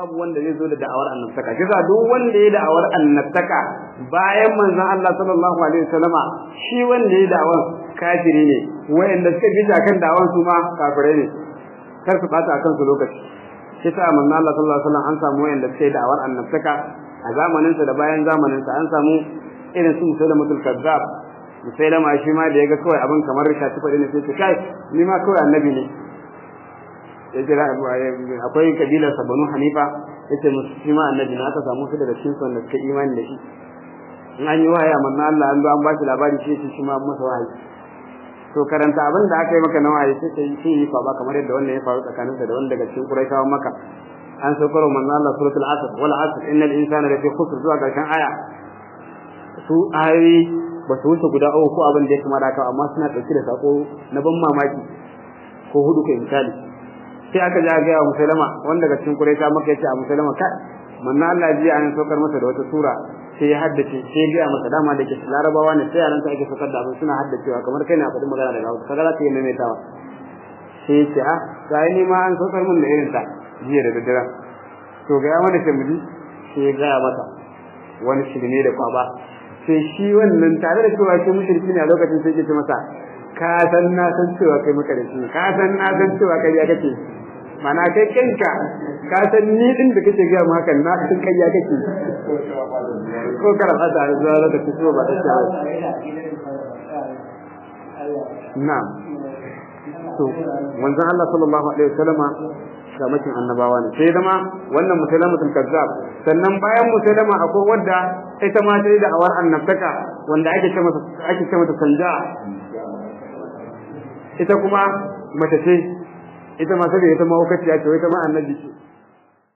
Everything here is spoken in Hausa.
babu wanda zai zo da da'awar annabtaka kisa duk wanda ya da'awar annabtaka bayan manzon Allah sallallahu alaihi wasallama shi wanda ya da'awar kafiri ne wanda suka bi kan da'awar su ma kafirai ne kar su bata akan su lokaci shi manzon Allah sallallahu alaihi wasallam an samu wanda suka yi da'awar annabtaka a zamanin sa da bayan zamanin sa an samu irin su da mutul Kazzab ma shi ma da yaga kawai abin kamar rika tufa ne sai kai ni ma kawai annabi ne ya akwai kabilar sa banu hanifa yace musu ma annabi na aka samu su daga cikin su wanda suka imani da shi in an yi waya manna Allah an zo an ba shi labari shi shi shi ma masa wahayi to karanta abin da aka yi maka na wahayi sai sai shi yi faɓa kamar yadda wannan ya faru tsakanin da wanda daga cikin kawo maka an saukar manna Allah suratul asr wal asr innal insana lafi khusr zuwa karshen aya su ayoyi ba su wuce guda uku ko abin da ya kamata amma suna ɗauke da sako na ban mamaki ko hudu kai misali sai aka ja ga Abu Salama wanda daga cikin Quraysh maka yace Abu Salama kai manna Allah ji an saukar masa da wata sura sai ya haddace sai ga masa dama da ke Larabawa ne sai yaran ake saukar da abin suna haddacewa kamar kai na faɗi magana daga Hausa kaga sai ne ne maimaitawa sai ta ce ha ah, sai ni ma an saukar mun da irin ta jiya da daddare to ga mana shamudi sai ya gaya mata wani shirme da kwaba sai shi wannan tare da cewa shi mushriki ne a lokacin sai ke ce masa ka san na san cewa kai maka da shi ka san na san cewa kai ya kace mana kai kanka ka san ni din da kake ga ma hakan na sun kayya kake ko kar fata da zuwa da so ba ta ba. na'am to manzon Allah sallallahu alaihi wasallama kamakin annabawa ne sai zama wannan musalamatul kazzab sannan bayan musalama akwai wadda ita ma ta da awar annabtaka wanda ake ce mata ake ce mata kanja ita kuma mace ce ita ma sai ita ma wakati ake wai ta ma annabi ce